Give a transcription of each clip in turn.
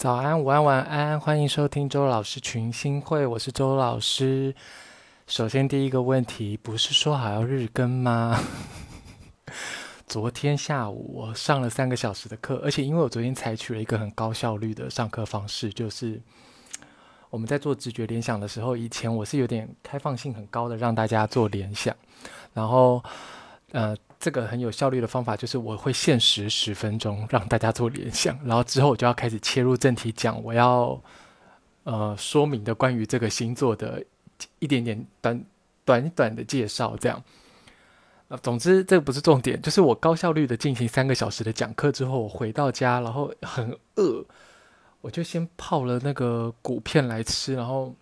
早安，午安，晚安，歡迎收聽週老師群星會，我是週老師。首先，第一個問題，不是說好要日更嗎？ 昨天下午我上了三個小時的課，而且因為我昨天採取了一個很高效率的上課方式，就是我們在做直覺聯想的時候，以前我是有點開放性很高的，讓大家做聯想，然後，呃。這個很有效率的方法就是，我會限時十分鐘讓大家做聯想，然後之後我就要開始切入正題，講我要呃說明的關於這個星座的一點點短短短的介紹。這樣，呃，總之這個不是重點，就是我高效率的進行三個小時的講課之後，我回到家，然後很餓，我就先泡了那個穀片來吃，然後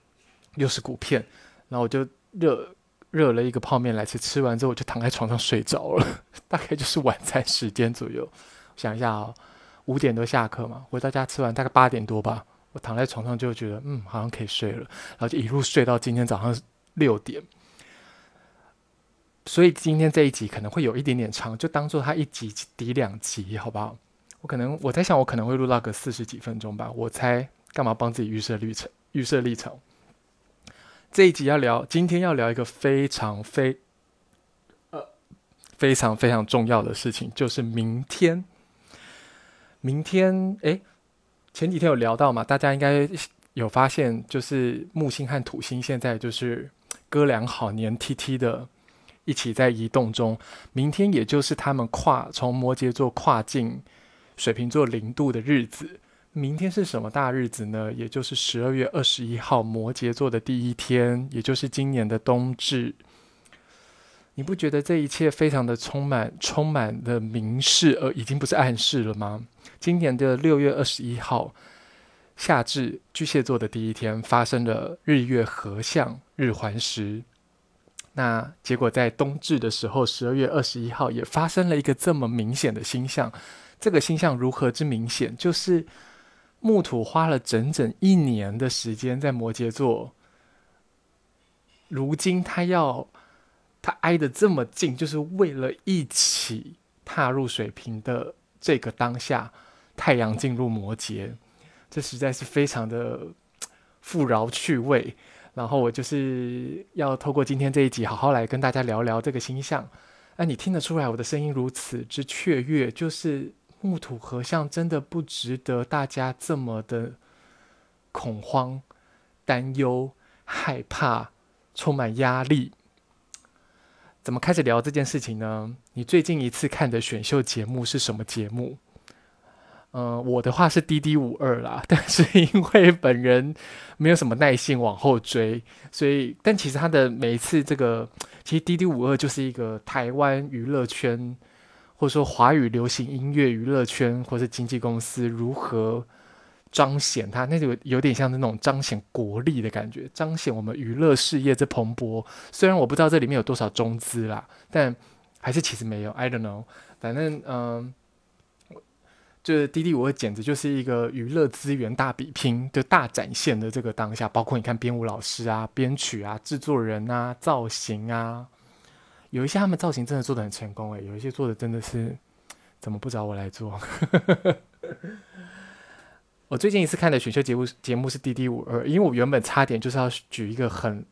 又是穀片，然後我就熱。熱了一個泡麵來吃，吃完之後我就躺在床上睡着了， 大概就是晚餐時間左右。想一下啊、哦，五點多下課嘛，回到家吃完大概八點多吧，我躺在床上就覺得嗯，好像可以睡了，然後就一路睡到今天早上六點。所以今天這一集可能會有一點點長，就當做它一集抵兩集，好不好？我可能我在想，我可能會錄到個四十幾分鐘吧。我猜幹嘛幫自己預設立場？預設立場。這一集要聊，今天要聊一個非常非呃非常非常重要的事情，就是明天。明天，哎、欸，前幾天有聊到嘛？大家應該有發現，就是木星和土星現在就是哥倆好，黏 TT 的，一起在移動中。明天也就是他們跨從摩羯座跨進水瓶座零度的日子。明天是什麼大日子呢？也就是十二月二十一號，摩羯座的第一天，也就是今年的冬至。你不覺得這一切非常的充滿，充滿的明示，而已經不是暗示了嗎？今年的六月二十一號，夏至巨蟹座的第一天，發生了日月合相、日環食。那結果在冬至的時候，十二月二十一號也發生了一個這麼明顯的星象。這個星象如何之明顯？就是。木土花了整整一年的時間在摩羯座，如今他要，他挨得這麼近，就是為了一起踏入水瓶的這個當下，太陽進入摩羯，這實在是非常的富饒趣味。然後我就是要透過今天這一集，好好來跟大家聊聊這個星象。那、啊、你聽得出來我的聲音如此之雀躍，就是。木土合相真的不值得大家這麼的恐慌、擔憂、害怕、充滿壓力。怎麼開始聊這件事情呢？你最近一次看的選秀節目是什麼節目？嗯、呃，我的話是《滴滴五二》啦，但是因為本人沒有什麼耐性往後追，所以，但其實他的每一次這個，其實《滴滴五二》就是一個台灣娛樂圈。或者說華語流行音樂娛樂圈，或是經紀公司如何彰顯它？那就有點像那種彰顯國力的感覺，彰顯我們娛樂事業的蓬勃。雖然我不知道這裡面有多少中資啦，但還是其實沒有。I don't know，反正嗯、呃，就是滴滴，我簡直就是一個娛樂資源大比拼，就大展現的這個當下。包括你看編舞老師啊、編曲啊、製作人啊、造型啊。有一些他們造型真的做得很成功誒，有一些做的真的是怎麼不找我來做？ 我最近一次看的選秀節目節目是《D D 五二》，因為我原本差點就是要舉一個很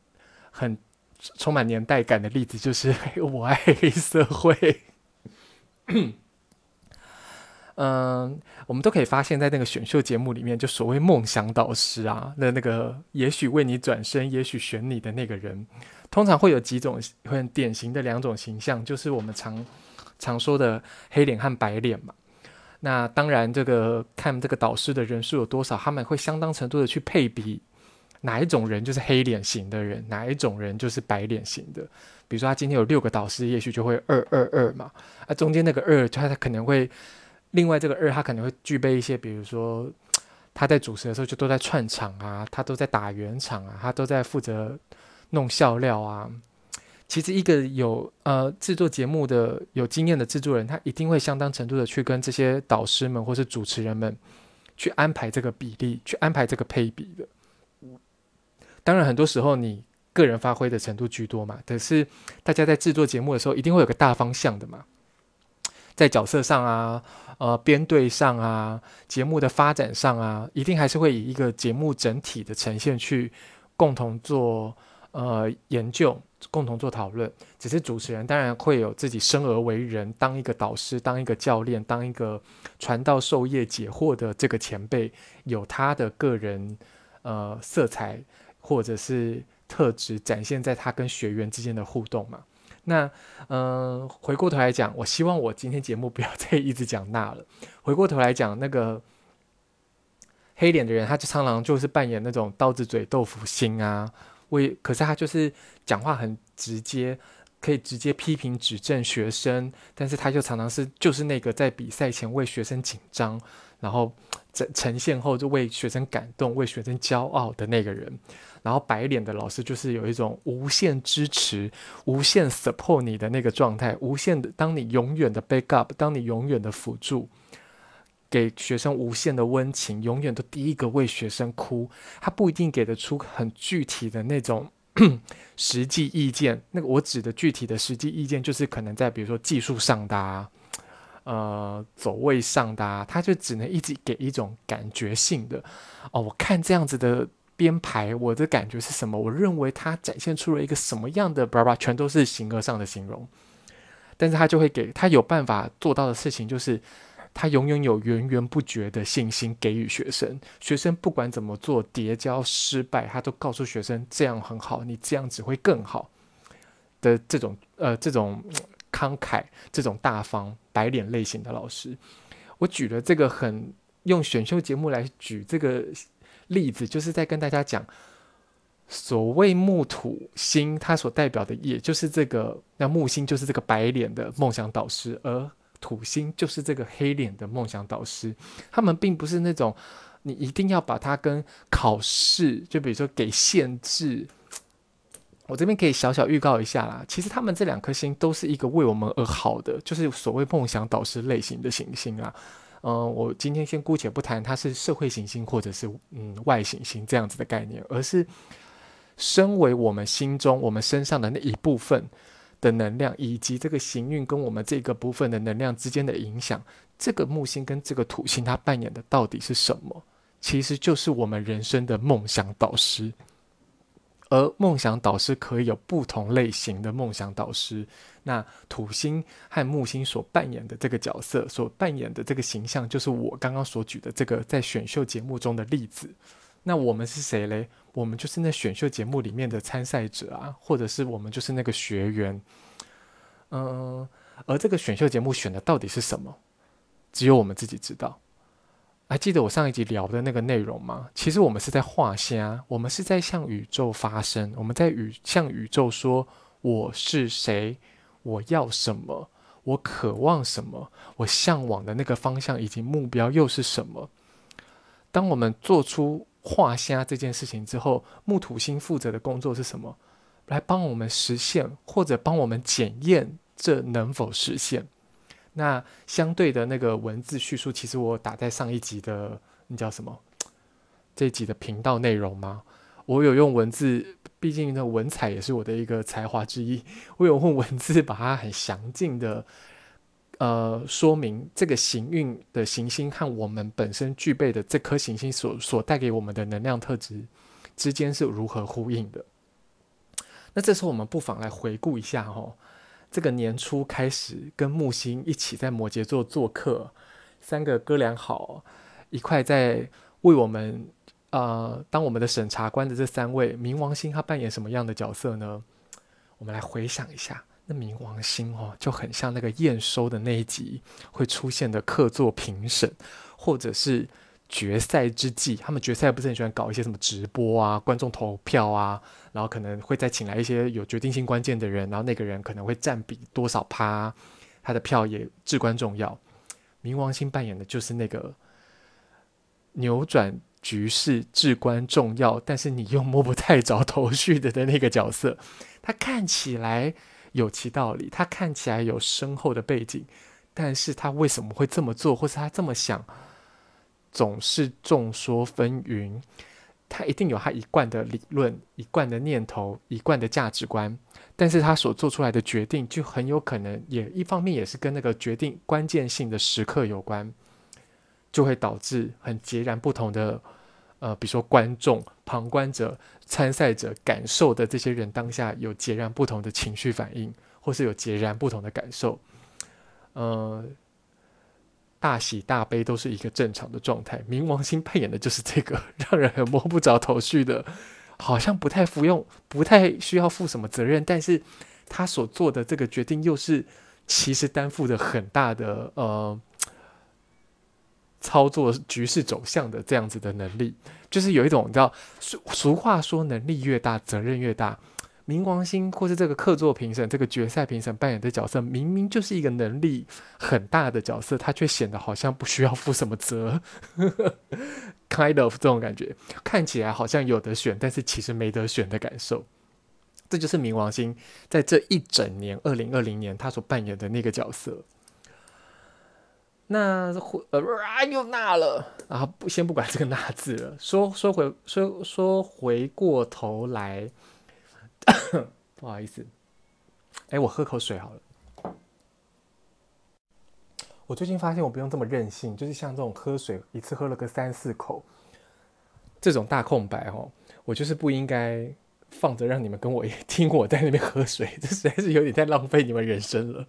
很充滿年代感的例子，就是我愛黑社會。 嗯，我們都可以發現，在那個選秀節目裡面，就所謂夢想導師啊，那那個也許為你轉身，也許選你的那個人。通常會有幾種很典型的兩種形象，就是我們常常說的黑臉和白臉嘛。那當然，這個看這個導師的人數有多少，他們會相當程度的去配比，哪一種人就是黑臉型的人，哪一種人就是白臉型的。比如說，他今天有六個導師，也許就會二二二嘛。那、啊、中間那個二，他他可能會另外這個二，他可能會具備一些，比如說他在主持的時候就都在串場啊，他都在打圓場啊，他都在負責，弄笑料啊，其實一個有呃製作節目的有經驗的製作人，他一定會相當程度的去跟這些導師們或是主持人們去安排這個比例，去安排這個配比的。當然，很多時候你個人發揮的程度居多嘛。可是大家在製作節目的時候，一定會有個大方向的嘛，在角色上啊，呃，編隊上啊，節目的發展上啊，一定還是會以一個節目整體的呈現去共同做，呃，研究共同做討論，只是主持人當然會有自己生而為人，當一個導師，當一個教練，當一個傳道授業解惑的這個前輩，有他的個人呃色彩，或者是特質展現在他跟學員之間的互動嘛。那嗯、呃，回過頭來講，我希望我今天節目不要再一直講那了。回過頭來講，那個黑臉的人，他就常常就是扮演那種刀子嘴豆腐心啊。為，可是他就是講話很直接，可以直接批評指正學生，但是他就常常是就是那個在比賽前為學生緊張，然後呈呈現後就為學生感動、為學生驕傲的那個人。然後白臉的老師就是有一種無限支持、無限 support 你的那個狀態，無限的當你永遠的 back up，當你永遠的輔助。給學生無限的溫情，永遠都第一個為學生哭。他不一定給得出很具體的那種 實際意見。那個我指的具體的實際意見，就是可能在比如說技術上搭，呃，走位上搭，他就只能一直給一種感覺性的。哦，我看這樣子的編排，我的感覺是什麼？我認為他展現出了一個什麼樣的？巴拉巴拉，全都是形而上的形容。但是他就會給他有辦法做到的事情，就是。他永遠有源源不絕的信心給予學生，學生不管怎麼做，跌跤、失敗，他都告訴學生這樣很好，你這樣只會更好。的這種呃，這種慷慨、這種大方、白臉類型的老師，我舉了這個很用選秀節目來舉這個例子，就是在跟大家講，所謂木土星，它所代表的也就是這個，那木星就是這個白臉的夢想導師，而。土星就是這個黑臉的夢想導師，他們並不是那種你一定要把它跟考試，就比如說給限制。我這邊可以小小預告一下啦，其實他們這兩顆星都是一個為我們而好的，就是所謂夢想導師類型的行星啊。嗯，我今天先姑且不談它是社會行星或者是嗯外行星這樣子的概念，而是身為我們心中、我們身上的那一部分。的能量以及這個行運跟我們這個部分的能量之間的影響，這個木星跟這個土星它扮演的到底是什麼？其實就是我們人生的夢想導師。而夢想導師可以有不同類型的夢想導師。那土星和木星所扮演的這個角色，所扮演的這個形象，就是我剛剛所舉的這個在選秀節目中的例子。那我們是誰嘞？我們就是那選秀節目裡面的參賽者啊，或者是我們就是那個學員，嗯，而這個選秀節目選的到底是什麼，只有我們自己知道。還、啊、記得我上一集聊的那個內容嗎？其實我們是在畫蝦、啊，我們是在向宇宙發聲，我們在與向宇宙說我是誰，我要什麼，我渴望什麼，我嚮往的那個方向以及目標又是什麼？當我們做出。畫蝦這件事情之後，木土星負責的工作是什麼？來幫我們實現，或者幫我們檢驗這能否實現？那相對的那個文字敘述，其實我打在上一集的那叫什麼？這一集的頻道內容嗎？我有用文字，畢竟那文采也是我的一個才華之一，我有用文字把它很詳盡的。呃，說明這個行運的行星和我們本身具備的這顆行星所所帶給我們的能量特質之間是如何呼應的。那這時候我們不妨來回顧一下哦，這個年初開始跟木星一起在摩羯座做客，三個哥倆好一塊在為我們呃當我們的審查官的這三位冥王星，它扮演什麼樣的角色呢？我們來回想一下。那冥王星哦，就很像那個驗收的那一集會出現的客座評審，或者是決賽之際，他們決賽不是很喜歡搞一些什麼直播啊、觀眾投票啊，然後可能會再請來一些有決定性關鍵的人，然後那個人可能會占比多少趴，他的票也至關重要。冥王星扮演的就是那個扭轉局勢至關重要，但是你又摸不太着頭緒的的那個角色，他看起來。有其道理，他看起來有深厚的背景，但是他為什麼會這麼做，或是他這麼想，總是眾說紛紜。他一定有他一貫的理論、一貫的念頭、一貫的價值觀，但是他所做出來的決定，就很有可能也，也一方面也是跟那個決定關鍵性的時刻有關，就會導致很截然不同的。呃，比如說觀眾、旁觀者、參賽者感受的這些人當下有截然不同的情緒反應，或是有截然不同的感受。呃，大喜大悲都是一個正常的狀態。冥王星扮演的就是這個讓人很摸不着頭緒的，好像不太服用，不太需要負什麼責任，但是他所做的這個決定又是其實擔負着很大的呃。操作局勢走向的這樣子的能力，就是有一種叫俗俗話說“能力越大，責任越大”。冥王星或是這個客座評審、這個決賽評審扮演的角色，明明就是一個能力很大的角色，他卻顯得好像不需要負什麼責 ，kind of 這種感覺，看起來好像有得選，但是其實沒得選的感受。這就是冥王星在這一整年，二零二零年他所扮演的那個角色。那回呃，又那了啊！不，先不管這個“那”字了，說說回，說說回過頭來，不好意思，哎、欸，我喝口水好了。我最近發現我不用這麼任性，就是像這種喝水一次喝了個三四口，這種大空白哦，我就是不應該放着讓你們跟我聽我在那邊喝水，這實在是有點太浪費你們人生了。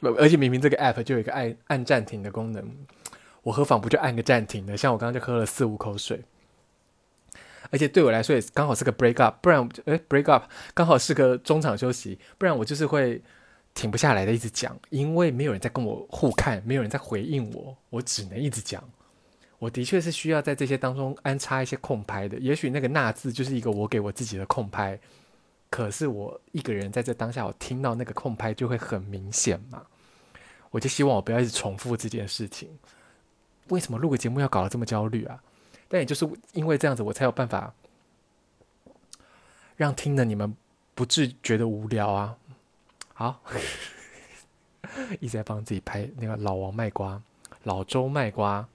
不，而且明明這個 app 就有一個按按暫停的功能，我何妨不就按個暫停的？像我剛剛就喝了四五口水，而且對我來說也剛好是個 break up，不然呃 break up 剛好是個中場休息，不然我就是會停不下來的一直講，因為沒有人在跟我互看，沒有人在回應我，我只能一直講。我的確是需要在這些當中安插一些空拍的，也許那個“那”字就是一個我給我自己的空拍，可是我一個人在這當下，我聽到那個空拍就會很明顯嘛。我就希望我不要一直重複這件事情。為什麼錄個節目要搞得這麼焦慮啊？但也就是因為這樣子，我才有辦法讓聽的你們不自覺的無聊啊。好， 一直在幫自己拍那個老王賣瓜，老周賣瓜，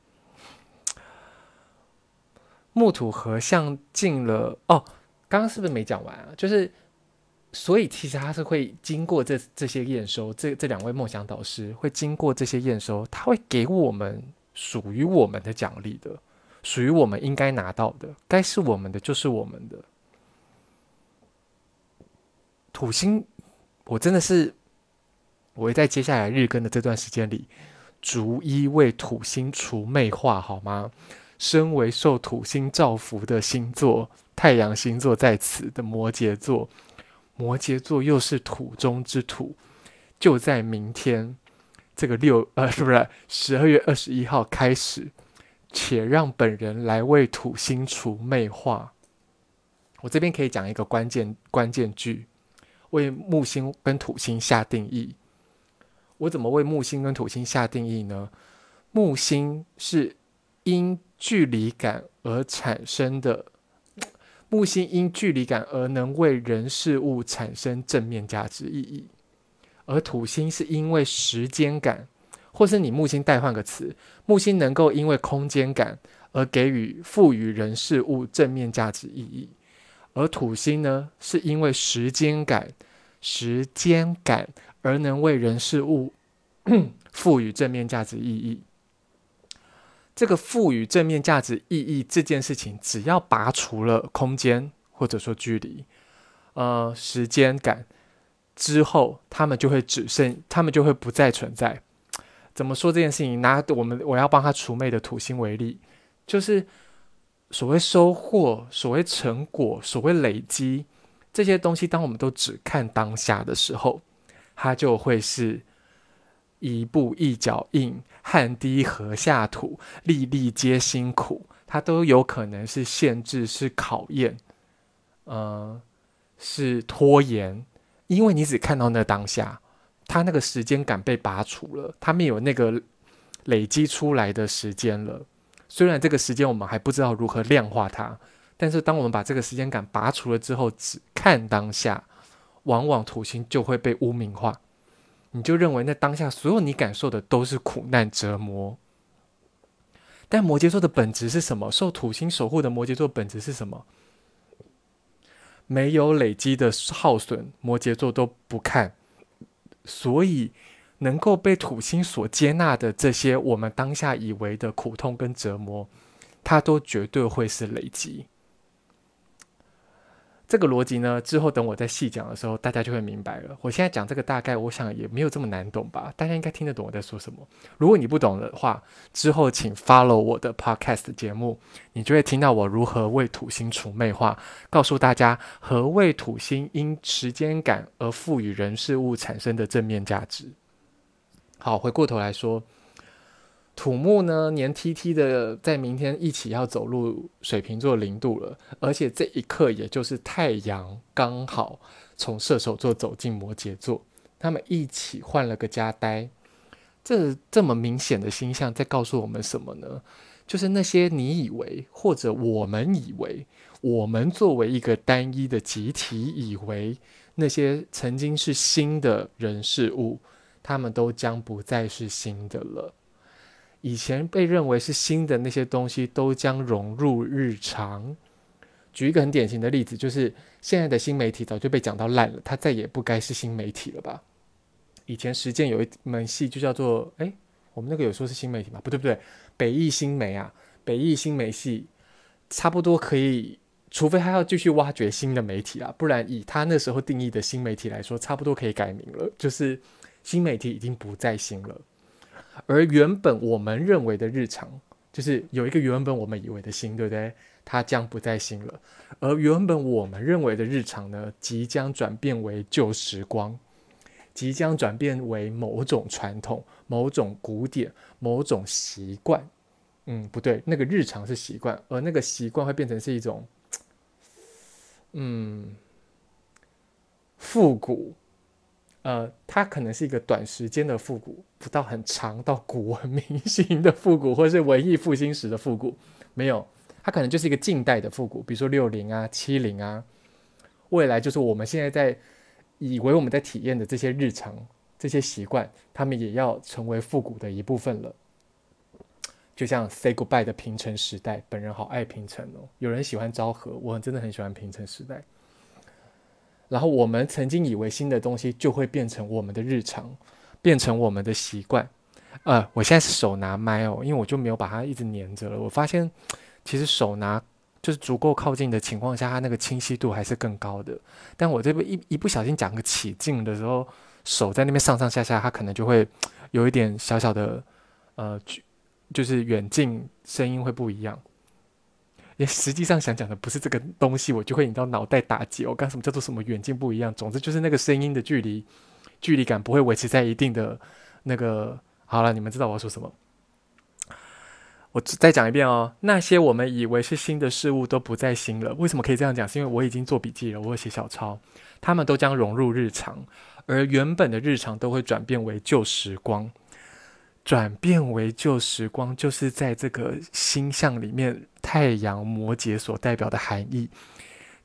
木土合相進了哦。剛剛是不是沒講完啊？就是。所以其實他是會經過這這些驗收，這這兩位夢想導師會經過這些驗收，他會給我們屬於我們的獎勵的，屬於我們應該拿到的，該是我們的就是我們的。土星，我真的是我會在接下來日更的這段時間裡，逐一為土星除魅化，好嗎？身為受土星照拂的星座，太陽星座在此的摩羯座。摩羯座又是土中之土，就在明天，這個六呃，是不是十二月二十一號開始？且讓本人來為土星除魅化。我這邊可以講一個關鍵關鍵句，為木星跟土星下定義。我怎麼為木星跟土星下定義呢？木星是因距離感而產生的。木星因距離感而能為人事物產生正面價值意義，而土星是因為時間感，或是你木星代換個詞，木星能夠因為空間感而給予賦予人事物正面價值意義，而土星呢，是因為時間感、時間感而能為人事物賦予正面價值意義。這個賦予正面價值意義這件事情，只要拔除了空間或者說距離，呃，時間感之後，他們就會只剩，他們就會不再存在。怎麼說這件事情？拿我們我要幫他除魅的土星為例，就是所謂收穫、所謂成果、所謂累積這些東西，當我們都只看當下的時候，它就會是。一步一腳印，汗滴禾下土，粒粒皆辛苦。它都有可能是限制，是考驗，嗯，是拖延，因為你只看到那當下，它那個時間感被拔除了，它沒有那個累積出來的時間了。雖然這個時間我們還不知道如何量化它，但是當我們把這個時間感拔除了之後，只看當下，往往土星就會被污名化。你就認為那當下所有你感受的都是苦難折磨，但摩羯座的本質是什麼？受土星守護的摩羯座本質是什麼？沒有累積的耗損，摩羯座都不看，所以能夠被土星所接納的這些我們當下以為的苦痛跟折磨，它都絕對會是累積。這個邏輯呢，之後等我再細講的時候，大家就會明白了。我現在講這個大概，我想也沒有這麼難懂吧？大家應該聽得懂我在說什麼。如果你不懂的話，之後請 follow 我的 podcast 節目，你就會聽到我如何為土星除魅化，告訴大家何為土星因時間感而賦予人事物產生的正面價值。好，回過頭來說。土木呢，黏 TT 的，在明天一起要走入水瓶座零度了，而且這一刻也就是太陽剛好從射手座走進摩羯座，他們一起換了個家待。這這麼明顯的星象，在告訴我們什麼呢？就是那些你以為或者我們以為，我們作為一個單一的集體，以為那些曾經是新的人事物，他們都將不再是新的了。以前被認為是新的那些東西都將融入日常。舉一個很典型的例子，就是現在的新媒體早就被講到爛了，它再也不該是新媒體了吧？以前實踐有一門系就叫做“哎、欸，我們那個有說是新媒體嗎？”不對不對，北藝新媒啊，北藝新媒系差不多可以，除非還要繼續挖掘新的媒體啊，不然以他那時候定義的新媒體來說，差不多可以改名了，就是新媒體已經不再新了。而原本我們認為的日常，就是有一個原本我們以為的新，對不對？它將不再新了。而原本我們認為的日常呢，即將轉變為舊時光，即將轉變為某種傳統、某種古典、某種習慣。嗯，不對，那個日常是習慣，而那個習慣會變成是一種，嗯，復古。呃，它可能是一個短時間的復古，不到很長到古文明型的復古，或是文藝復興時的復古，沒有，它可能就是一個近代的復古，比如說六零啊、七零啊，未來就是我們現在在以為我們在體驗的這些日常、這些習慣，他們也要成為復古的一部分了。就像 say goodbye 的平成時代，本人好愛平成哦，有人喜歡昭和，我真的很喜歡平成時代。然後我們曾經以為新的東西就會變成我們的日常，變成我們的習慣。呃，我現在是手拿麥哦，因為我就沒有把它一直黏着了。我發現，其實手拿就是足夠靠近的情況下，它那個清晰度還是更高的。但我這邊一一不小心講個起勁的時候，手在那邊上上下下，它可能就會有一點小小的，呃，就是遠近聲音會不一樣。也實際上想講的不是這個東西，我就會引到腦袋打結。哦，我講什麼叫做什麼遠近不一樣，總之就是那個聲音的距離，距離感不會維持在一定的那個。好了，你們知道我要說什麼。我再講一遍哦。那些我們以為是新的事物都不再新了。為什麼可以這樣講？是因為我已經做筆記了，我有寫小抄，他們都將融入日常，而原本的日常都會轉變為舊時光。轉變為舊時光，就是在這個星象裡面。太陽摩羯所代表的含義，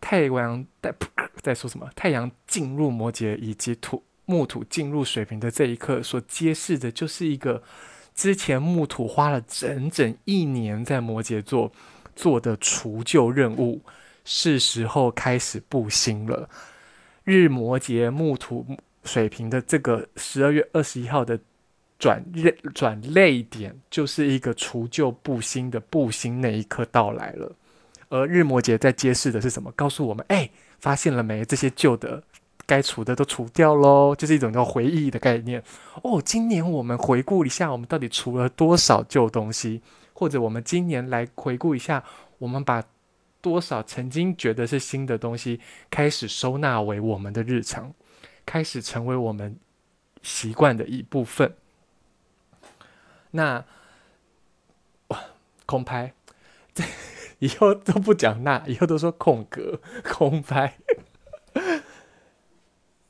太陽在、呃呃、在說什麼？太陽進入摩羯，以及土木土進入水瓶的這一刻，所揭示的就是一個之前木土花了整整一年在摩羯座做的除舊任務，是時候開始布新了。日摩羯木土水瓶的這個十二月二十一號的。轉捩轉捩點就是一個除舊布新的布新，那一刻到來了，而日摩羯在揭示的是什麼？告訴我們，哎，發現了沒？這些舊的該除的都除掉嘍，就是一種叫回憶的概念哦。今年我們回顧一下，我們到底除了多少舊東西？或者我們今年來回顧一下，我們把多少曾經覺得是新的東西開始收納為我們的日常，開始成為我們習慣的一部分。那、哦、空拍這，以後都不講那，以後都說空格空拍。呵呵，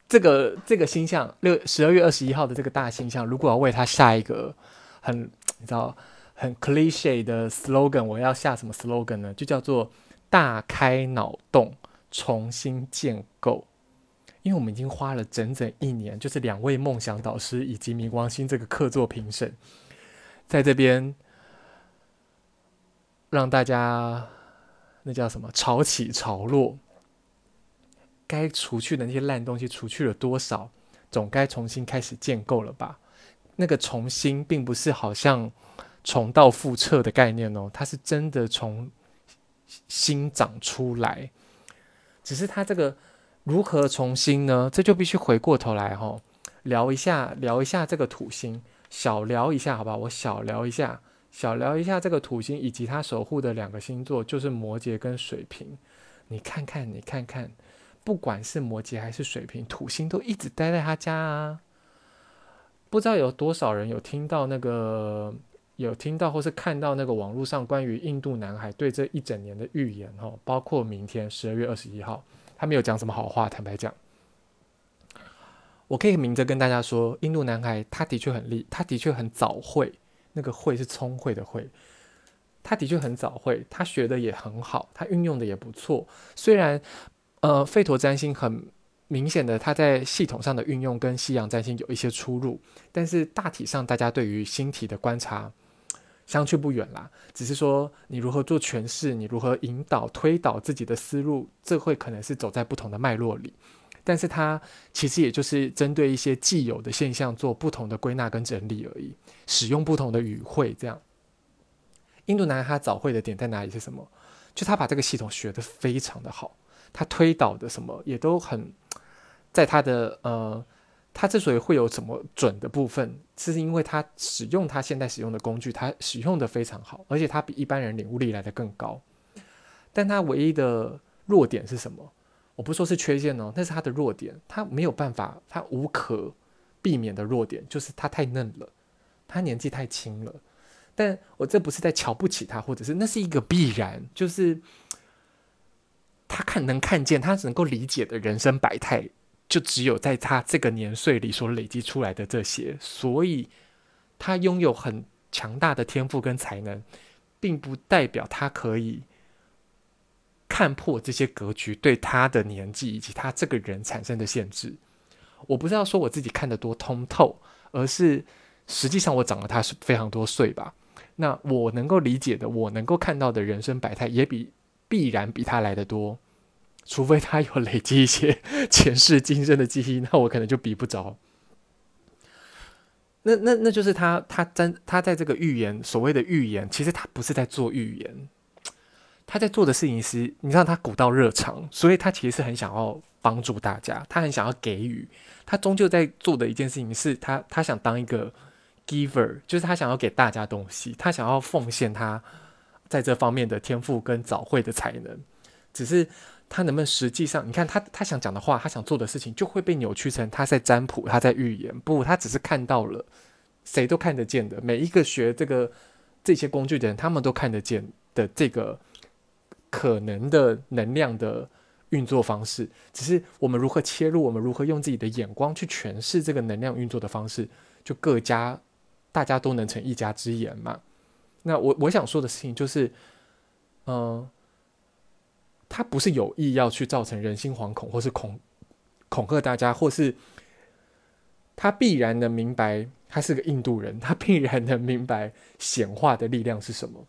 這個這個星象六十二月二十一號的這個大星象，如果要為它下一個很你知道很 cliche 的 slogan，我要下什麼 slogan 呢？就叫做大開腦洞，重新建構。因為我們已經花了整整一年，就是兩位夢想導師以及冥王星這個客座評審。在這邊，讓大家那叫什麼潮起潮落，該除去的那些爛東西除去了多少？總該重新開始建構了吧？那個重新並不是好像重蹈覆轍的概念哦，它是真的從新長出來。只是它這個如何重新呢？這就必須回過頭來哈、哦，聊一下聊一下這個土星。小聊一下，好吧，我小聊一下，小聊一下這個土星以及他守護的兩個星座，就是摩羯跟水瓶。你看看，你看看，不管是摩羯還是水瓶，土星都一直待在他家啊。不知道有多少人有聽到那個，有聽到或是看到那個網絡上關於印度男孩對這一整年的預言？哦，包括明天十二月二十一號，他沒有講什麼好話，坦白講。我可以明着跟大家說，印度男孩他的確很厲，他的確很早會，那個「慧」是聰慧的「慧」，他的確很早慧，他學的也很好，他運用的也不錯。雖然，呃，吠陀占星很明顯的，他在系統上的運用跟西洋占星有一些出入，但是大體上大家對於星體的觀察相去不遠啦。只是說你如何做詮釋，你如何引導推導自己的思路，這會可能是走在不同的脈絡裡。但是他其實也就是針對一些既有的現象做不同的歸納跟整理而已，使用不同的語彙這樣。印度男孩早慧的點在哪裡是什麼？就他把這個系統學得非常的好，他推導的什麼也都很，在他的呃，他之所以會有什麼準的部分，是因為他使用他現在使用的工具，他使用的非常好，而且他比一般人領悟力來得更高。但他唯一的弱點是什麼？我不說是缺陷哦，那是他的弱點，他沒有辦法，他無可避免的弱點就是他太嫩了，他年紀太輕了。但我這不是在瞧不起他，或者是那是一個必然，就是他看能看見，他能夠理解的人生百態，就只有在他這個年歲裡所累積出來的這些。所以，他擁有很強大的天賦跟才能，並不代表他可以。看破這些格局對他的年紀以及他這個人產生的限制，我不是要說我自己看得多通透，而是實際上我長了他是非常多歲吧。那我能夠理解的，我能夠看到的人生百態也比必然比他來得多，除非他有累積一些前世今生的記憶，那我可能就比不着。那那那就是他他真他在這個預言，所謂的預言，其實他不是在做預言。他在做的事情是，你知道他古道熱腸，所以他其實是很想要幫助大家，他很想要給予。他終究在做的一件事情是他，他想當一個 giver，就是他想要給大家東西，他想要奉獻他在這方面的天賦跟早慧的才能。只是他能不能實際上，你看他他想講的話，他想做的事情，就會被扭曲成他在占卜，他在預言。不，他只是看到了誰都看得見的，每一個學這個這些工具的人，他們都看得見的這個。可能的能量的運作方式，只是我們如何切入，我們如何用自己的眼光去詮釋這個能量運作的方式，就各家大家都能成一家之言嘛。那我我想說的事情就是，嗯、呃，他不是有意要去造成人心惶恐，或是恐恐嚇大家，或是他必然能明白，他是個印度人，他必然能明白顯化的力量是什麼。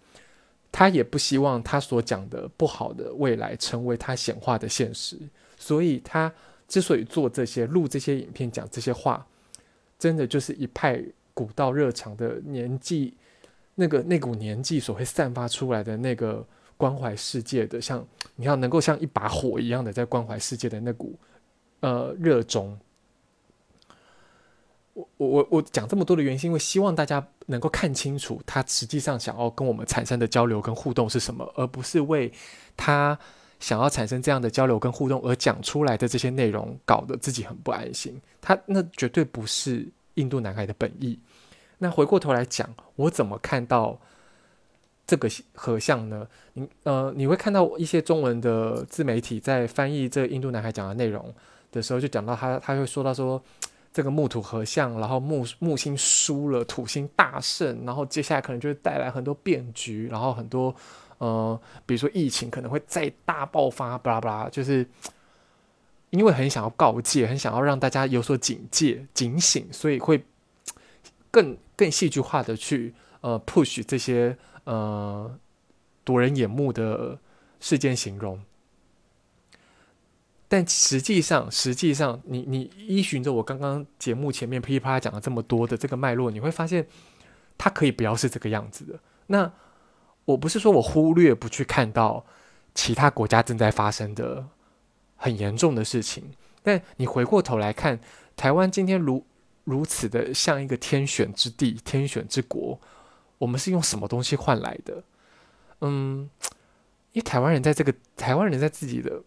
他也不希望他所講的不好的未來成為他顯化的現實，所以他之所以做這些、錄這些影片、講這些話，真的就是一派古道熱腸的年紀，那個那股年紀所會散發出來的那個關懷世界的，像你要能夠像一把火一樣的在關懷世界的那股呃熱衷。我我我講這麼多的原因，因為希望大家，能夠看清楚他實際上想要跟我們產生的交流跟互動是什麼，而不是為他想要產生這樣的交流跟互動而講出來的這些內容，搞得自己很不安心。他那絕對不是印度男孩的本意。那回過頭來講，我怎麼看到這個合相呢？你呃，你會看到一些中文的自媒體在翻譯這印度男孩講的內容的時候，就講到他，他會說到說。這個木土合相，然後木、木星輸了，土星大勝，然後接下來可能就會帶來很多變局，然後很多呃，比如說疫情可能會再大爆發，巴拉巴拉，就是因為很想要告誡，很想要讓大家有所警戒、警醒，所以會更更戲劇化的去呃 push 這些呃奪人眼目的事件形容。但實際上，實際上，你你依循着我剛剛節目前面噼里啪啦講了這麼多的這個脈絡，你會發現，它可以不要是這個樣子的。那我不是說我忽略不去看到其他國家正在發生的很嚴重的事情，但你回過頭來看，台灣今天如如此的像一個天選之地、天選之國，我們是用什麼東西換來的？嗯，因為台灣人在這個台灣人在自己的。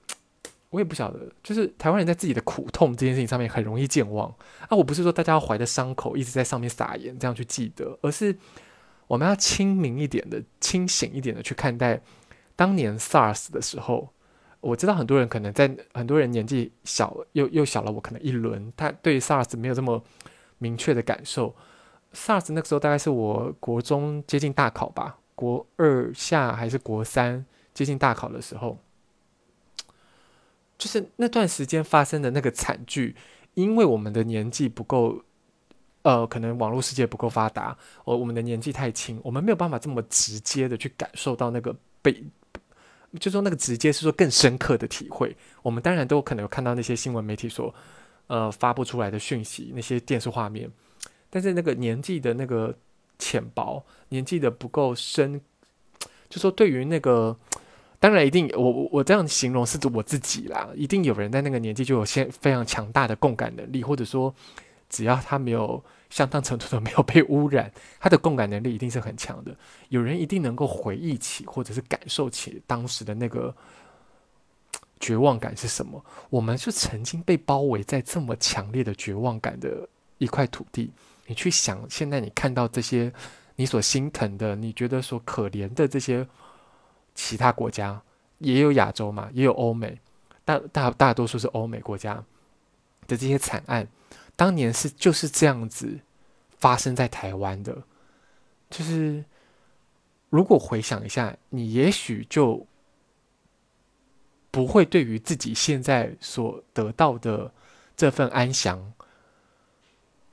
我也不曉得，就是台灣人在自己的苦痛這件事情上面很容易健忘啊！我不是說大家要懷着傷口一直在上面撒鹽，這樣去記得，而是我們要清明一點的、清醒一點的去看待當年 SARS 的時候。我知道很多人可能在很多人年紀小，又又小了我可能一輪，他對 SARS 沒有這麼明確的感受。SARS 那個時候大概是我國中接近大考吧，國二下還是國三接近大考的時候。就是那段時間發生的那個慘劇，因為我們的年紀不夠，呃，可能網絡世界不夠發達，而我們的年紀太輕，我們沒有辦法這麼直接的去感受到那個被，就說那個直接是說更深刻的體會。我們當然都有可能有看到那些新聞媒體所呃，發布出來的訊息，那些電視畫面，但是那個年紀的那個淺薄，年紀的不夠深，就說對於那個。當然一定，我我這樣形容是指我自己啦。一定有人在那個年紀就有先非常強大的共感能力，或者說，只要他沒有相當程度的沒有被污染，他的共感能力一定是很強的。有人一定能夠回憶起，或者是感受起當時的那個絕望感是什麼？我們是曾經被包圍在這麼強烈的絕望感的一塊土地。你去想，現在你看到這些你所心疼的，你覺得所可憐的這些。其他國家也有亞洲嘛，也有歐美，大大大多數是歐美國家的這些慘案，當年是就是這樣子發生在台灣的。就是如果回想一下，你也許就不會對於自己現在所得到的這份安詳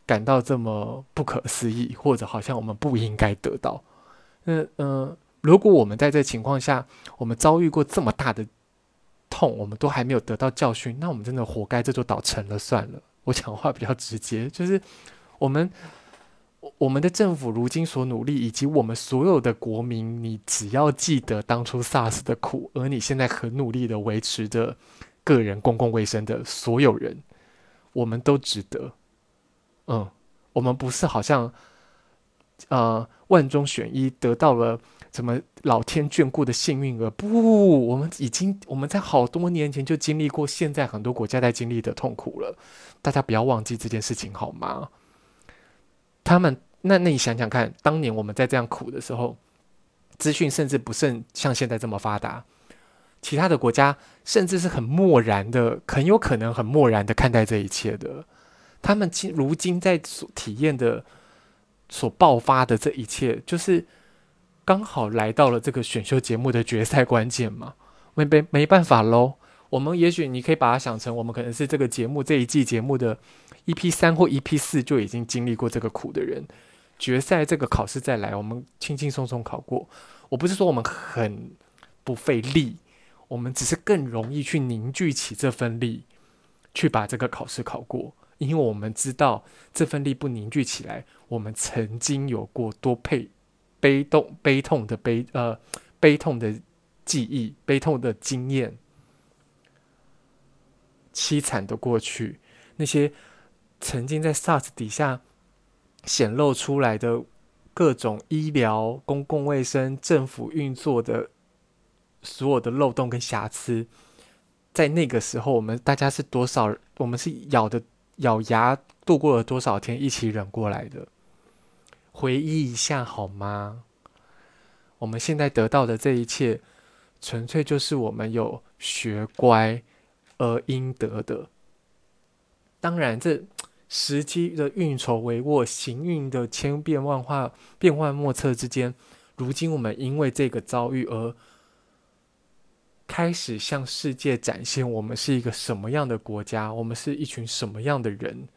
感到這麼不可思議，或者好像我們不應該得到。那嗯。呃如果我們在這情況下，我們遭遇過這麼大的痛，我們都還沒有得到教訓，那我們真的活該這座島沉了算了。我講話比較直接，就是我們我，我們的政府如今所努力，以及我們所有的國民，你只要記得當初 SARS 的苦，而你現在很努力的維持着個人公共衛生的所有人，我們都值得。嗯，我們不是好像。呃，萬中選一，得到了什麼老天眷顧的幸運兒？不，我們已經我們在好多年前就經歷過現在很多國家在經歷的痛苦了。大家不要忘記這件事情，好嗎？他們，那那你想想看，當年我們在這樣苦的時候，資訊甚至不甚像現在這麼發達，其他的國家甚至是很漠然的，很有可能很漠然的看待這一切的。他們今如今在所體驗的。所爆發的這一切，就是剛好來到了這個選秀節目的決賽關鍵嘛？沒沒沒辦法嘍。我們也許你可以把它想成，我們可能是這個節目這一季節目的 EP3 或 EP4 就已經經歷過這個苦的人，決賽這個考試再來，我們輕輕鬆鬆考過。我不是說我們很不費力，我們只是更容易去凝聚起這份力，去把這個考試考過。因為我們知道這份力不凝聚起來，我們曾經有過多悲悲動悲痛的悲呃悲痛的記憶、悲痛的經驗、凄慘的過去，那些曾經在 SARS 底下顯露出來的各種醫療、公共衛生、政府運作的所有的漏洞跟瑕疵，在那個時候，我們大家是多少？我們是咬的。咬牙度過了多少天，一起忍過來的，回憶一下好嗎？我們現在得到的這一切，純粹就是我們有學乖而應得的。當然，這時機的運籌帷幄、行運的千變萬化、變幻莫測之間，如今我們因為這個遭遇而，開始向世界展現我們是一個什麼樣的國家，我們是一群什麼樣的人，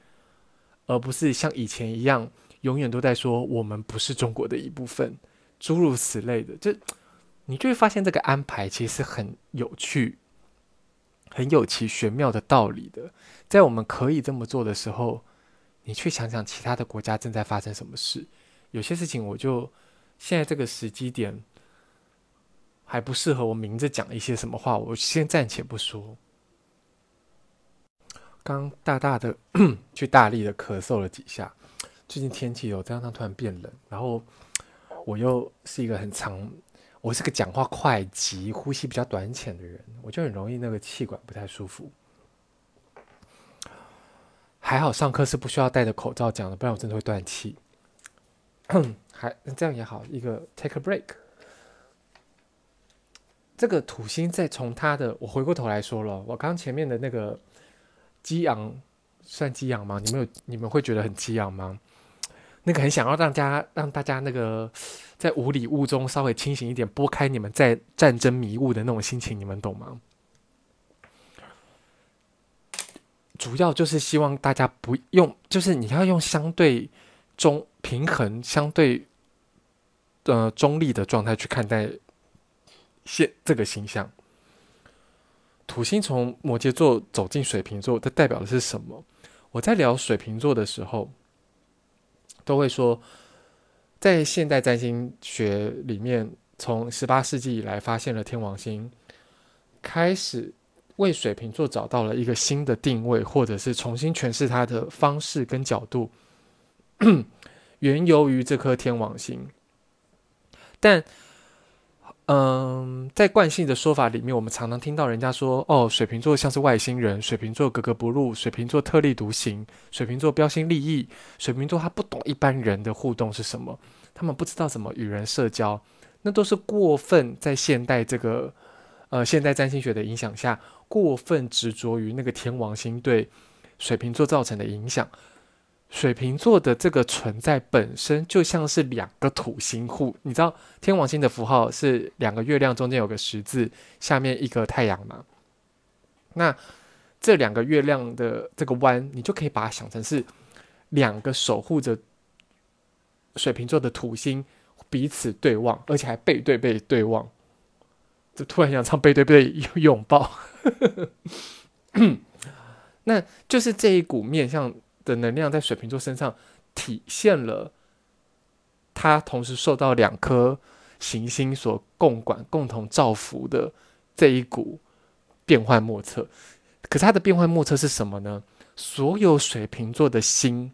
而不是像以前一樣永遠都在說我們不是中國的一部分，諸如此類的。這你就會發現，這個安排其實很有趣，很有其玄妙的道理的。在我們可以這麼做的時候，你去想想其他的國家正在發生什麼事。有些事情，我就現在這個時機點。還不適合我明着講一些什麼話，我先暫且不說。剛大大的 去大力的咳嗽了幾下，最近天氣有這樣，他突然變冷，然後我又是一個很長，我是個講話快急、呼吸比較短淺的人，我就很容易那個氣管不太舒服。還好上課是不需要戴着口罩講的，不然我真的會斷氣。還這樣也好，一個 take a break。這個土星再從他的，我回過頭來說了，我剛前面的那個激昂，算激昂嗎？你們有，你們會覺得很激昂嗎？那個很想要讓大家讓大家那個在霧裡霧中稍微清醒一點，撥開你們在戰爭迷霧的那種心情，你們懂嗎？主要就是希望大家不用，就是你要用相對中平衡、相對呃中立的狀態去看待。現這個形象，土星從摩羯座走進水瓶座，這代表的是什麼？我在聊水瓶座的時候，都會說，在現代占星學裡面，從十八世紀以來發現了天王星，開始為水瓶座找到了一個新的定位，或者是重新詮釋它的方式跟角度，原由於這顆天王星，但。嗯，在慣性的說法裡面，我們常常聽到人家說：“哦，水瓶座像是外星人，水瓶座格格不入，水瓶座特立獨行，水瓶座標新立異，水瓶座他不懂一般人的互動是什麼，他們不知道怎麼與人社交。”那都是過分在現代這個，呃，現代占星學的影響下，過分執着於那個天王星對水瓶座造成的影響。水瓶座的這個存在本身就像是兩個土星戶，你知道天王星的符號是兩個月亮中間有個十字，下面一個太陽嗎？那這兩個月亮的這個彎，你就可以把它想成是兩個守護着水瓶座的土星彼此對望，而且還背對背對望，就突然想唱背對背擁抱， 那就是這一股面向。的能量在水瓶座身上體現了，它同時受到兩顆行星所共管、共同造福的這一股變幻莫測。可是它的變幻莫測是什麼呢？所有水瓶座的心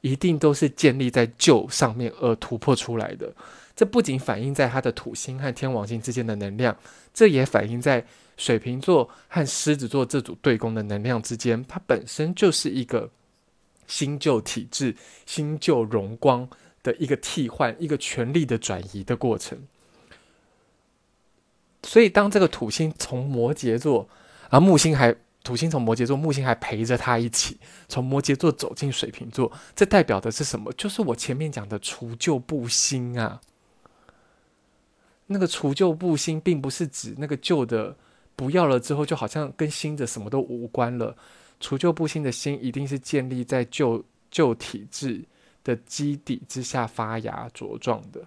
一定都是建立在舊上面而突破出來的。這不僅反映在它的土星和天王星之間的能量，這也反映在水瓶座和獅子座這組對宮的能量之間。它本身就是一個。新舊體制、新舊榮光的一個替換、一個權力的轉移的過程。所以，當這個土星從摩羯座，而、啊、木星還土星從摩羯座，木星還陪着他一起從摩羯座走進水瓶座，這代表的是什麼？就是我前面講的除舊布新啊。那個除舊布新，並不是指那個舊的不要了之後，就好像跟新的什麼都無關了。除舊布新的新，一定是建立在舊舊體制的基底之下發芽茁壯的。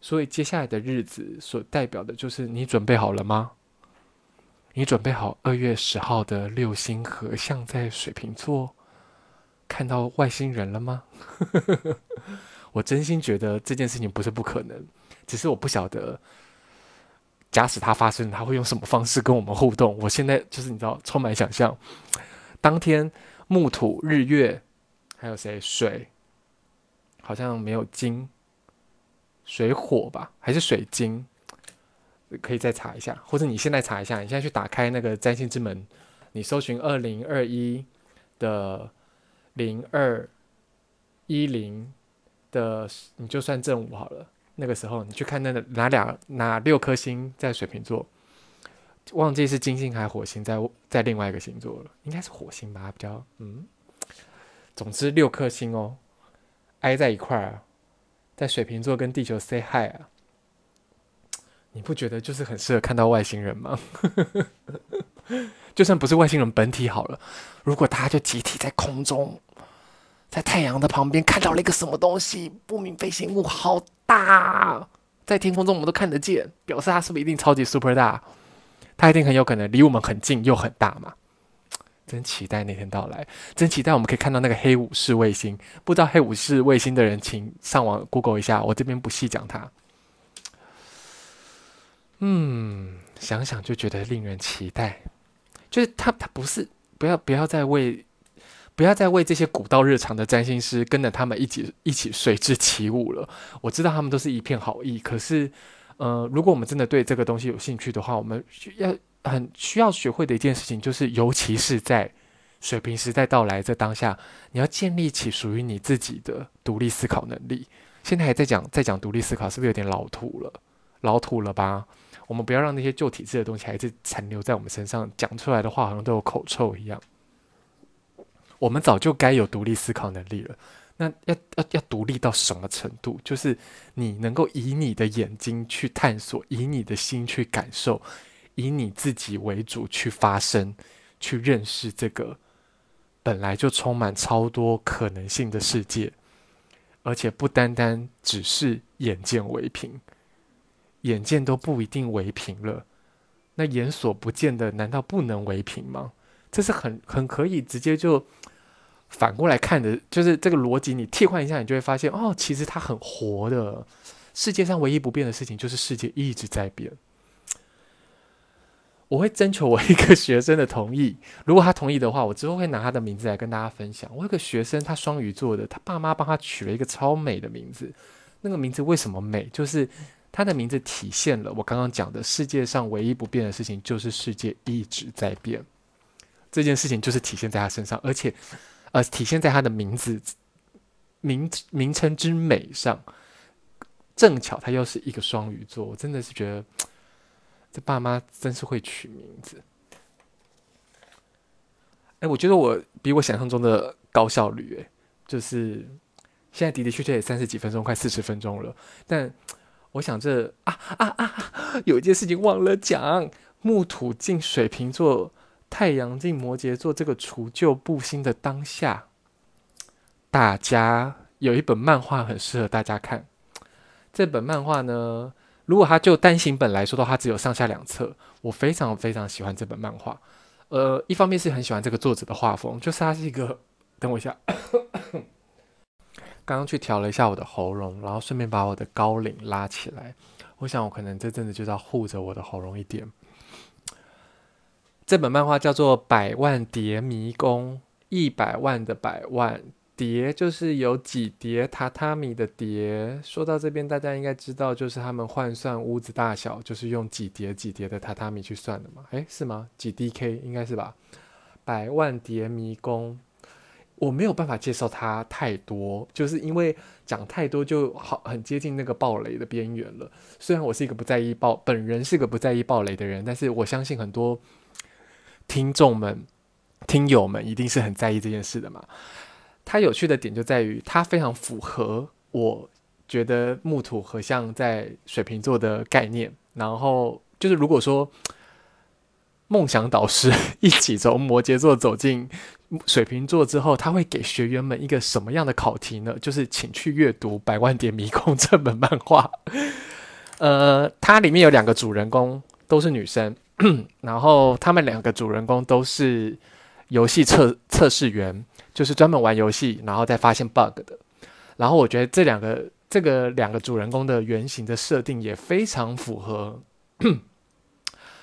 所以接下來的日子所代表的就是：你準備好了嗎？你準備好二月十號的六星合相，在水瓶座，看到外星人了嗎？ 我真心覺得這件事情不是不可能，只是我不曉得，假使它發生，它會用什麼方式跟我們互動？我現在就是你知道，充滿想象。當天木土日月，還有誰？水，好像沒有金。水火吧，還是水金？可以再查一下，或者你現在查一下，你現在去打開那個占星之門，你搜尋二零二一的零二一零的，你就算正午好了。那個時候你去看那個哪兩哪六顆星在水瓶座。忘記是金星還是火星在在另外一個星座了，應該是火星吧，比較嗯。總之六顆星哦，挨在一塊兒，在水瓶座跟地球 say hi 啊！你不覺得就是很適合看到外星人嗎？ 就算不是外星人本體好了，如果大家就集體在空中，在太陽的旁邊看到了一個什麼東西不明飛行物，好大，在天空中我們都看得見，表示它是不是一定超級 super 大？他一定很有可能離我們很近又很大嘛，真期待那天到來，真期待我們可以看到那個黑武士衛星。不知道黑武士衛星的人，請上網 Google 一下，我這邊不細講他。嗯，想想就覺得令人期待。就是他，他不是不要不要再為不要再為這些古道熱腸的占星師跟着他們一起一起隨之起舞了。我知道他們都是一片好意，可是。呃、嗯，如果我們真的對這個東西有興趣的話，我們需要很需要學會的一件事情，就是，尤其是在水瓶時代到來的這當下，你要建立起屬於你自己的獨立思考能力。現在還在講、在講獨立思考，是不是有點老土了？老土了吧？我們不要讓那些舊體制的東西還是殘留在我們身上，講出來的話好像都有口臭一樣。我們早就該有獨立思考能力了。那要要要獨立到什麼程度？就是你能夠以你的眼睛去探索，以你的心去感受，以你自己為主去發聲，去認識這個本來就充滿超多可能性的世界。而且不單單只是眼見為憑，眼見都不一定為憑了。那眼所不見的，難道不能為憑嗎？這是很很可以直接就。反過來看的，就是這個邏輯。你替換一下，你就會發現，哦，其實他很活的。世界上唯一不變的事情，就是世界一直在變。我會徵求我一個學生的同意，如果他同意的話，我之後會拿他的名字來跟大家分享。我有個學生，他雙魚座的，他爸媽幫他取了一個超美的名字。那個名字為什麼美？就是他的名字體現了我剛剛講的，世界上唯一不變的事情，就是世界一直在變。這件事情就是體現在他身上，而且。呃，體現在他的名字名名稱之美上，正巧他又是一個雙魚座，我真的是覺得這爸媽真是會取名字。哎，我覺得我比我想象中的高效率，哎，就是現在的的確確也三十幾分鐘，快四十分鐘了。但我想這啊啊啊，有一件事情忘了講，木土進水瓶座。太陽進摩羯座，這個除舊布新的當下，大家有一本漫畫很適合大家看。這本漫畫呢，如果它就單行本來說的話，它只有上下兩冊。我非常非常喜歡這本漫畫，呃，一方面是很喜歡這個作者的畫風，就是他是一個……等我一下，剛 剛去調了一下我的喉嚨，然後順便把我的高領拉起來。我想，我可能這陣子就要護着我的喉嚨一點。這本漫畫叫做《百萬疊迷宮》，一百萬的百萬疊就是有幾疊榻榻米的疊。說到這邊，大家應該知道，就是他們換算屋子大小，就是用幾疊幾疊的榻榻米去算的嘛。誒，是嗎？幾 DK 應該是吧？《百萬疊迷宮》，我沒有辦法介紹它太多，就是因為講太多就好，很接近那個暴雷的邊緣了。雖然我是一個不在意暴，本人是個不在意暴雷的人，但是我相信很多。聽眾們、聽友們一定是很在意這件事的嘛。它，有趣的點就在於它非常符合我覺得木土合相在水瓶座的概念。然後就是如果說夢想導師一起從摩羯座走進水瓶座之後，他會給學員們一個什麼樣的考題呢？就是請去閱讀《百萬疊迷宮》這本漫畫。呃，它裡面有兩個主人公都是女生。然後他們兩個主人公都是遊戲測測試員，就是專門玩遊戲，然後再發現 bug 的。然後我覺得這兩個這個兩個主人公的原型的設定也非常符合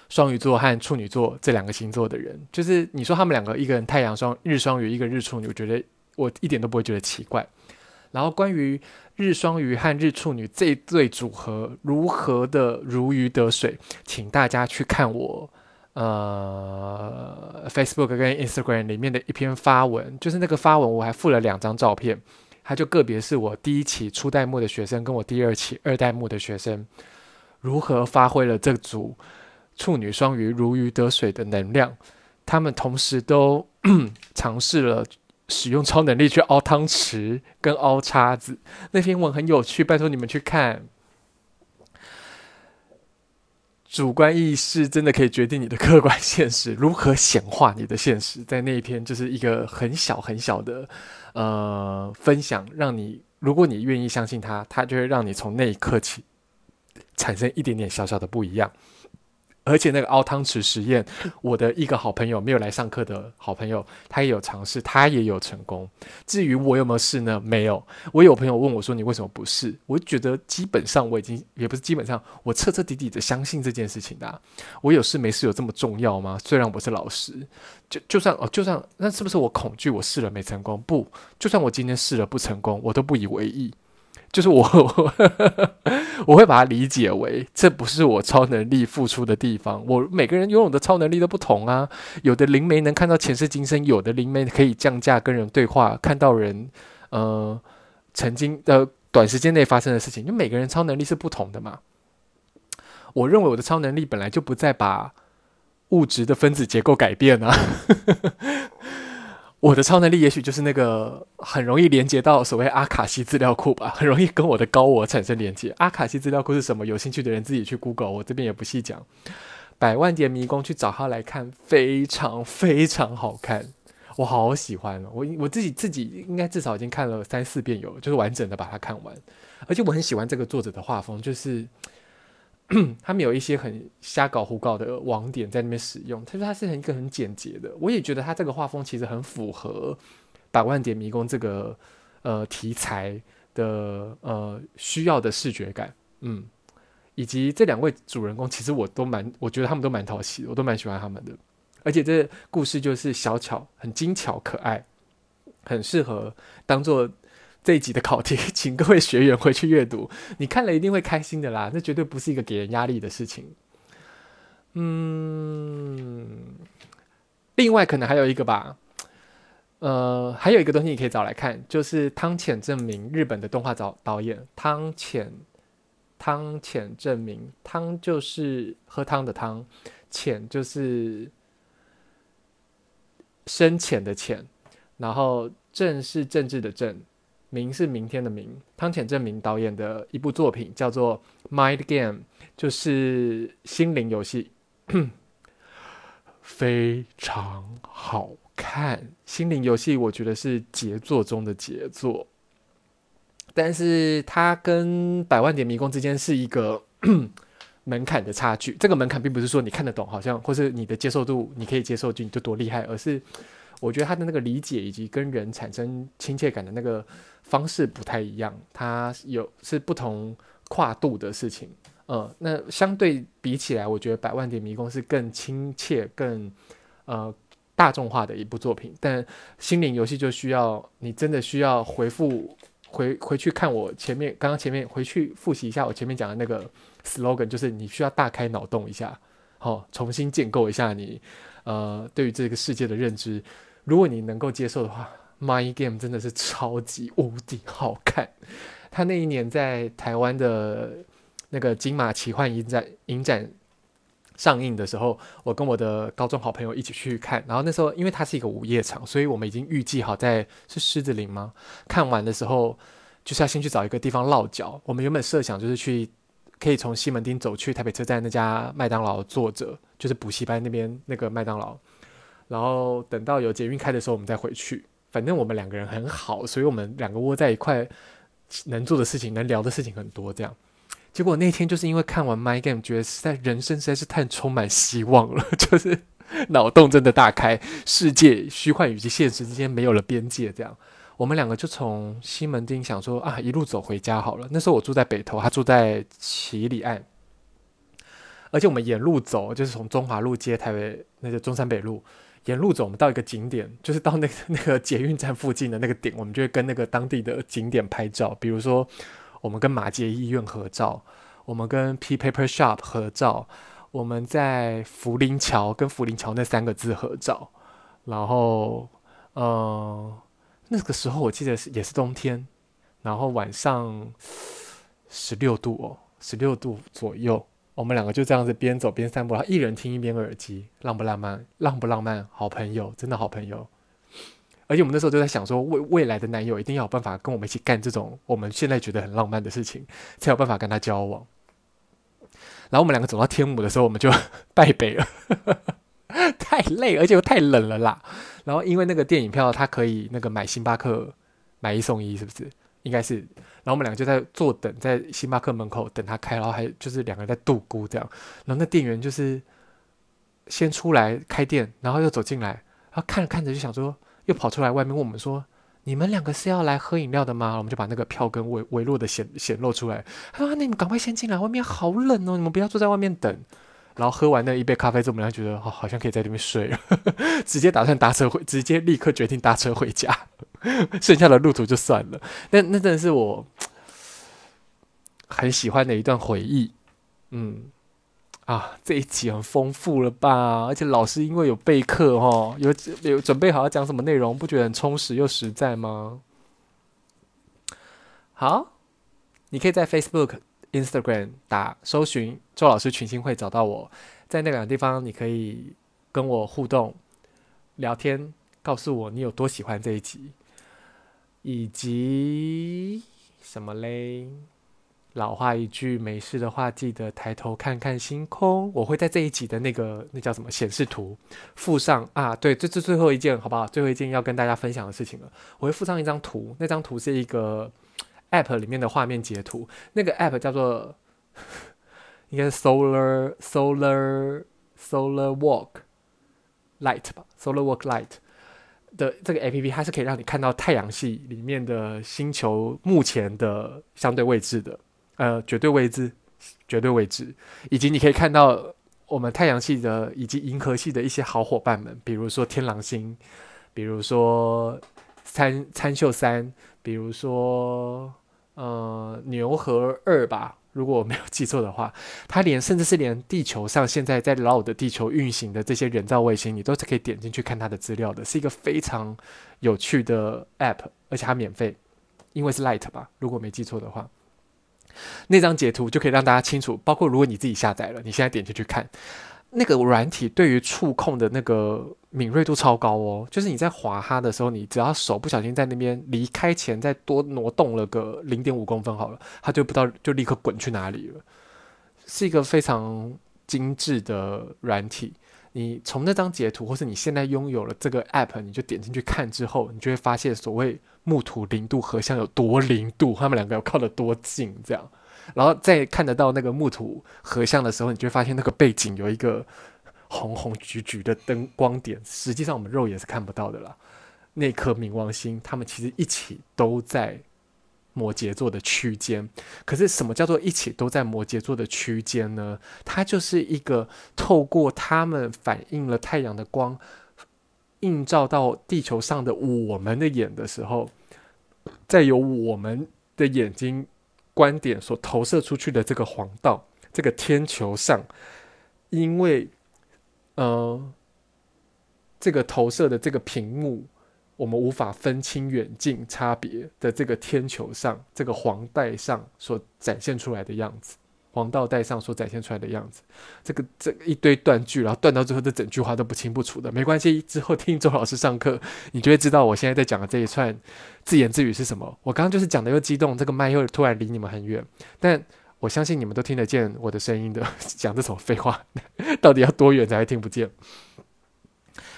雙魚座和處女座這兩個星座的人。就是你說他們兩個，一個人太陽雙日雙魚，一個人日處女，我覺得我一點都不會覺得奇怪。然後關於日雙魚和日處女這對組合如何的如魚得水，請大家去看我呃 Facebook 跟 Instagram 裡面的一篇發文。就是那個發文我還附了兩張照片，它就個別是我第一期初代目的學生跟我第二期二代目的學生如何發揮了這組處女雙魚如魚得水的能量，他們同時都 嘗試了。使用超能力去凹湯匙跟凹叉子，那篇文很有趣，拜託你們去看。主觀意識真的可以決定你的客觀現實，如何顯化你的現實？在那一篇就是一個很小很小的呃分享，讓你如果你願意相信他，他就會讓你從那一刻起產生一點點小小的不一樣。而且那個熬湯匙實驗，我的一個好朋友沒有來上課的好朋友，他也有嘗試，他也有成功。至於我有沒有試呢？沒有。我有朋友問我說：“你為什麼不試？”我覺得基本上我已經也不是基本上，我徹徹底底的相信這件事情的啊。我有事沒事有這麼重要嗎？雖然我是老師，就就算哦，就算那是不是我恐懼我試了沒成功？不，就算我今天試了不成功，我都不以為意。就是我， 我會把它理解為，這不是我超能力付出的地方。我每個人擁有我的超能力都不同啊，有的靈媒能看到前世今生，有的靈媒可以降價跟人對話，看到人呃曾經呃短時間內發生的事情。因為每個人超能力是不同的嘛。我認為我的超能力本來就不再把物質的分子結構改變啊。 我的超能力也許就是那個很容易連接到所謂阿卡西資料庫吧，很容易跟我的高我產生連接。阿卡西資料庫是什麼？有興趣的人自己去 Google，我這邊也不細講。百萬疊迷宮去找他來看，非常非常好看，我好喜歡，我我自己自己應該至少已經看了三四遍有，就是完整的把它看完，而且我很喜歡這個作者的畫風，就是。 他們有一些很瞎搞胡搞的網點在那邊使用。他說他是一個很簡潔的，我也覺得他這個畫風其實很符合《百萬疊迷宮》這個呃題材的呃需要的視覺感。嗯，以及這兩位主人公其實我都蠻，我覺得他們都蠻討喜的，我都蠻喜歡他們的。而且這故事就是小巧，很精巧可愛，很適合當做。這一集的考題，請各位學員回去閱讀。你看了一定會開心的啦，這絕對不是一個給人壓力的事情。嗯，另外可能還有一個吧，呃，還有一個東西你可以找來看，就是湯淺政明，日本的動畫導導演湯淺，湯淺政明，湯就是喝湯的湯，淺就是深淺的淺，然後政是政治的政。明是明天的明，湯淺政明導演的一部作品叫做《Mind Game》，就是心靈遊戲，非常好看。心靈遊戲，我覺得是傑作中的傑作，但是它跟《百萬疊迷宮》之間是一個 門檻的差距。這個門檻並不是說你看得懂，好像，或是你的接受度，你可以接受就你就多厲害，而是。我覺得他的那個理解以及跟人產生親切感的那個方式不太一樣，他有是不同跨度的事情，嗯、呃，那相對比起來，我覺得《百萬疊迷宮》是更親切、更呃大眾化的一部作品，但心靈遊戲就需要你真的需要回復回回去看我前面剛剛前面回去複習一下我前面講的那個 slogan，就是你需要大開腦洞一下，好、哦，重新建構一下你呃對於這個世界的認知。如果你能夠接受的話，《Mind Game》真的是超級無敵好看。他那一年在台灣的那個金馬奇幻影展影展上映的時候，我跟我的高中好朋友一起去看。然後那時候，因為它是一個午夜場，所以我們已經預計好在是獅子林嗎？看完的時候就是要先去找一個地方落腳。我們原本設想就是去可以從西門町走去台北車站那家麥當勞坐着，就是補習班那邊那個麥當勞。然後等到有捷運開的時候，我們再回去。反正我們兩個人很好，所以我們兩個窩在一塊，能做的事情、能聊的事情很多。這樣，結果那天就是因為看完《MIND GAME》，覺得實在人生實在是太充滿希望了，就是腦洞真的大開，世界虛幻與現實之間沒有了邊界。這樣，我們兩個就從西門町想說啊，一路走回家好了。那時候我住在北投，他住在唭哩岸，而且我們沿路走，就是從中華路接台北，那個中山北路。沿路走，我們到一個景點，就是到那個、那個捷運站附近的那個點，我們就會跟那個當地的景點拍照。比如說，我們跟馬偕醫院合照，我們跟 P Paper Shop 合照，我們在福林橋跟福林橋那三個字合照。然後，嗯、呃，那個時候我記得是也是冬天，然後晚上十六度哦，十六度左右。我們兩個就這樣子邊走邊散步，他一人聽一邊耳機，浪不浪漫？浪不浪漫？好朋友，真的好朋友。而且我們那時候就在想說，未未來的男友一定要有辦法跟我們一起幹這種我們現在覺得很浪漫的事情，才有辦法跟他交往。然後我們兩個走到天母的時候，我們就敗北了， 太累，而且又太冷了啦。然後因為那個電影票，他可以那個買星巴克，買一送一，是不是？應該是，然後我們兩個就在坐等，在星巴克門口等他開，然後還就是兩個人在度孤這樣。然後那店員就是先出來開店，然後又走進來，然後看着看着就想說，又跑出來外面問我們說：“你們兩個是要來喝飲料的嗎？”我們就把那個票根微微弱的顯顯露出來。他說：“那你們趕快先進來，外面好冷哦，你們不要坐在外面等。”然後喝完那一杯咖啡之後，我們倆覺得哦，好像可以在裡面睡了，呵呵，直接打算搭車回，直接立刻決定搭車回家，剩下的路途就算了。那那真的是我很喜歡的一段回憶。嗯，啊，這一集很豐富了吧？而且老師因為有備課哦，有有準備好要講什麼內容，不覺得很充實又實在嗎？好，你可以在 Facebook。Instagram 打搜尋周老師群星會找到我，在那兩個地方你可以跟我互動聊天，告訴我你有多喜歡這一集，以及什麼嘞？老話一句，沒事的話記得抬頭看看星空。我會在這一集的那個那叫什麼顯示圖附上啊，對，這是最後一件好不好？最後一件要跟大家分享的事情了，我會附上一張圖，那張圖是一個。App 裡面的畫面截圖，那個 App 叫做應該是 Solar Solar Solar Walk Lite 吧，Solar Walk Lite 的這個 APP，它是可以讓你看到太陽系裡面的星球目前的相對位置的，呃，絕對位置、絕對位置，以及你可以看到我們太陽系的以及銀河系的一些好夥伴們，比如說天狼星，比如說參參宿三。比如說，呃，牛和二吧，如果我沒有記錯的話，它連甚至是連地球上現在在繞的地球運行的這些人造衛星，你都是可以點進去看它的資料的，是一個非常有趣的 app，而且它免費，因為是 light 吧，如果沒記錯的話，那張截圖就可以讓大家清楚，包括如果你自己下載了，你現在點進去看。那個軟體對於觸控的那個敏銳度超高哦，就是你在滑它的時候，你只要手不小心在那邊離開前再多挪動了個零點五公分，好了，它就不知道就立刻滾去哪裡了。是一個非常精緻的軟體。你從那張截圖，或是你現在擁有了這個 App，你就點進去看之後，你就會發現所謂木土零度合相有多零度，他們兩個要靠得多近，這樣。然後再看得到那個木土合相的時候，你就會發現那個背景有一個紅紅橘橘的燈光點，實際上我們肉眼是看不到的了。那顆冥王星，他們其實一起都在摩羯座的區間。可是，什麼叫做一起都在摩羯座的區間呢？它就是一個透過他們反映了太陽的光，映照到地球上的我們的眼的時候，再由我們的眼睛。觀點所投射出去的這個黃道，這個天球上，因為，呃，這個投射的這個屏幕，我們無法分清遠近差別的這個天球上，這個黃帶上所展現出來的樣子。黃道帶上所展現出來的樣子，這個這一堆斷句，然後斷到最後，這整句話都不清不楚的。沒關係，之後聽周老師上課，你就會知道我現在在講的這一串自言自語是什麼。我剛剛就是講的又激動，這個麥又突然離你們很遠，但我相信你們都聽得見我的聲音的。講這種廢話，到底要多遠才會聽不見？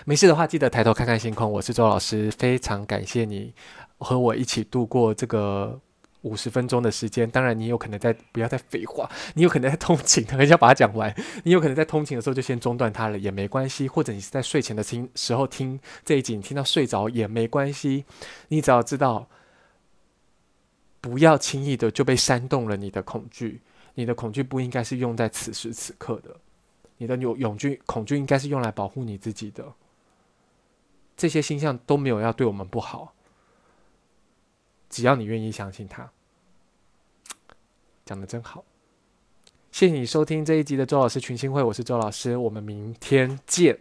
沒事的話，記得抬頭看看星空。我是周老師，非常感謝你和我一起度過這個。五十分鐘的時間，當然你有可能在不要再廢話，你有可能在通勤，等一下把它講完，你有可能在通勤的時候就先中斷它了也沒關係，或者你是在睡前的聽時候聽這一集，你聽到睡着也沒關係，你只要知道，不要輕易的就被煽動了你的恐懼，你的恐懼不應該是用在此時此刻的，你的勇軍恐懼恐懼應該是用來保護你自己的，這些星象都沒有要對我們不好。只要你願意相信他，講得真好。謝謝你收聽這一集的周老師群星會，我是周老師，我們明天見。